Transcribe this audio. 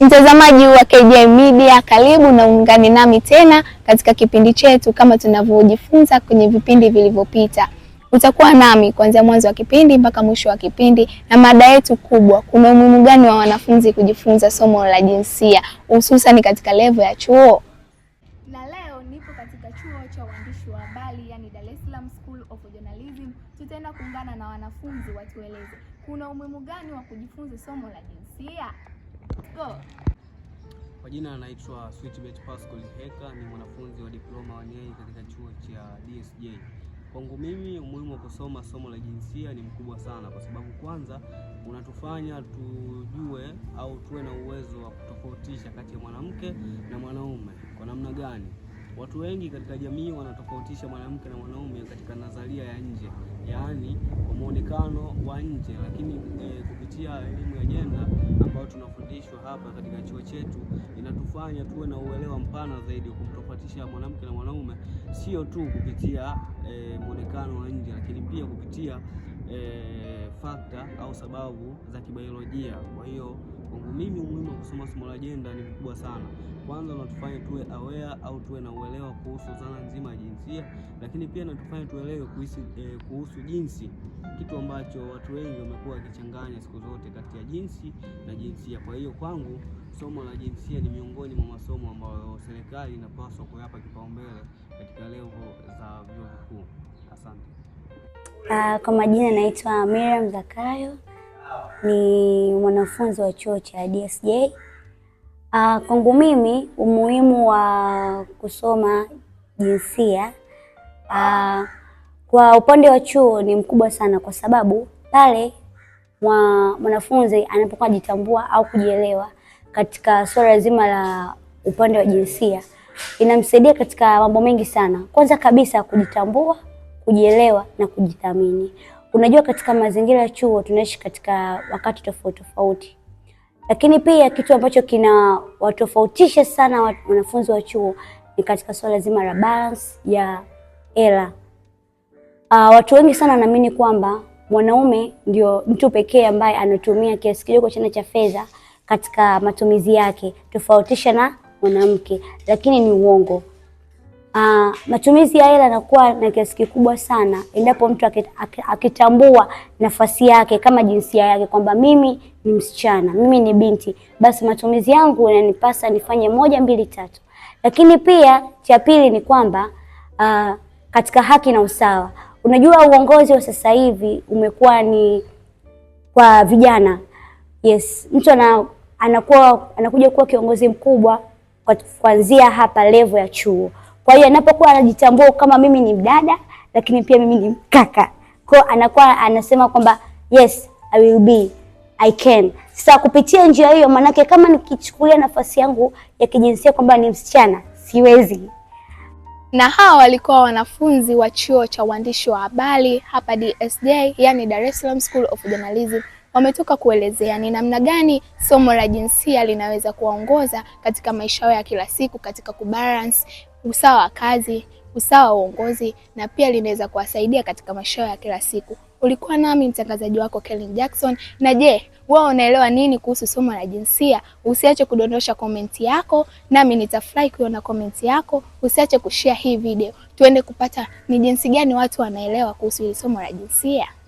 Mtazamaji wa KJ Media, karibu na uungane nami tena katika kipindi chetu kama tunavyojifunza kwenye vipindi vilivyopita. Utakuwa nami kuanzia mwanzo wa kipindi mpaka mwisho wa kipindi, na mada yetu kubwa, kuna umuhimu gani wa wanafunzi kujifunza somo la jinsia hususan katika levo ya chuo? Na leo nipo katika chuo cha uandishi wa habari, yani Dar es Salaam School of Journalism. Tutaenda kuungana na wanafunzi watueleze kuna umuhimu gani wa kujifunza somo la jinsia. Go. Kwa jina anaitwa Switchbet Pascal Heka, ni mwanafunzi wa diploma wa NEI katika chuo cha DSJ. Kwangu mimi umuhimu wa kusoma somo la jinsia ni mkubwa sana, kwa sababu kwanza unatufanya tujue au tuwe na uwezo wa kutofautisha kati ya mwanamke na mwanaume kwa namna gani Watu wengi katika jamii wanatofautisha mwanamke na mwanaume katika nadharia ya nje, yaani kwa muonekano wa nje, lakini e, kupitia elimu ya jenda ambayo tunafundishwa hapa katika chuo chetu inatufanya tuwe na uelewa mpana zaidi wa kumtofautisha mwanamke na mwanaume, sio tu kupitia e, eh, muonekano wa nje, lakini pia kupitia e, eh, fakta au sababu za kibiolojia. Kwa hiyo Kwangu mimi umuhimu wa kusoma somo la jenda ni mkubwa sana. Kwanza unatufanya tuwe aware au tuwe na uelewa kuhusu zana nzima ya jinsia, lakini pia natufanya tuelewe kuhusu, eh, kuhusu jinsi, kitu ambacho watu wengi wamekuwa wakichanganya siku zote kati ya jinsi na jinsia. Kwa hiyo kwangu somo la jinsia ni miongoni mwa masomo ambayo serikali inapaswa kuyapa kipaumbele katika levo za vyuo vikuu. Asante. Uh, kwa majina naitwa Miriam Zakayo ni mwanafunzi wa chuo cha DSJ. Uh, ah, kwangu mimi umuhimu wa kusoma jinsia uh, kwa upande wa chuo ni mkubwa sana, kwa sababu pale mwanafunzi anapokuwa jitambua au kujielewa katika suala zima la upande wa jinsia inamsaidia katika mambo mengi sana. Kwanza kabisa kujitambua, kujielewa na kujithamini. Unajua, katika mazingira ya chuo tunaishi katika wakati tofauti tofauti, lakini pia kitu ambacho kinawatofautisha sana wanafunzi wa chuo ni katika swala zima la balance ya hela. Uh, watu wengi sana wanaamini kwamba mwanaume ndio mtu pekee ambaye anatumia kiasi kidogo chana cha fedha katika matumizi yake tofautisha na mwanamke, lakini ni uongo. Uh, matumizi ya hela yanakuwa na kiasi kikubwa sana endapo mtu akitambua nafasi yake kama jinsia yake, kwamba mimi ni msichana, mimi ni binti, basi matumizi yangu yananipasa nifanye moja, mbili, tatu. Lakini pia cha pili ni kwamba uh, katika haki na usawa, unajua uongozi wa sasa hivi umekuwa ni kwa vijana. Yes, mtu ana, anakuwa anakuja kuwa kiongozi mkubwa kuanzia hapa level ya chuo. Kwa hiyo anapokuwa anajitambua kama mimi ni mdada, lakini pia mimi ni mkaka, kwa anakuwa anasema kwamba yes I will be I can. Sasa kupitia njia hiyo, maanake kama nikichukulia nafasi yangu ya kijinsia kwamba ni msichana, siwezi. Na hawa walikuwa wanafunzi wa chuo cha uandishi wa habari hapa DSJ, yani Dar es Salaam School of Journalism wametoka kuelezea ni namna gani somo la jinsia linaweza kuwaongoza katika maisha yao ya kila siku katika kubalance usawa wa kazi, usawa wa uongozi na pia linaweza kuwasaidia katika maisha yao ya kila siku. Ulikuwa nami mtangazaji wako Kelvin Jackson. Na je, wewe unaelewa nini kuhusu somo la jinsia? Usiache kudondosha komenti yako, nami nitafurahi kuona komenti yako. Usiache kushare hii video, tuende kupata ni jinsi gani watu wanaelewa kuhusu hili somo la jinsia.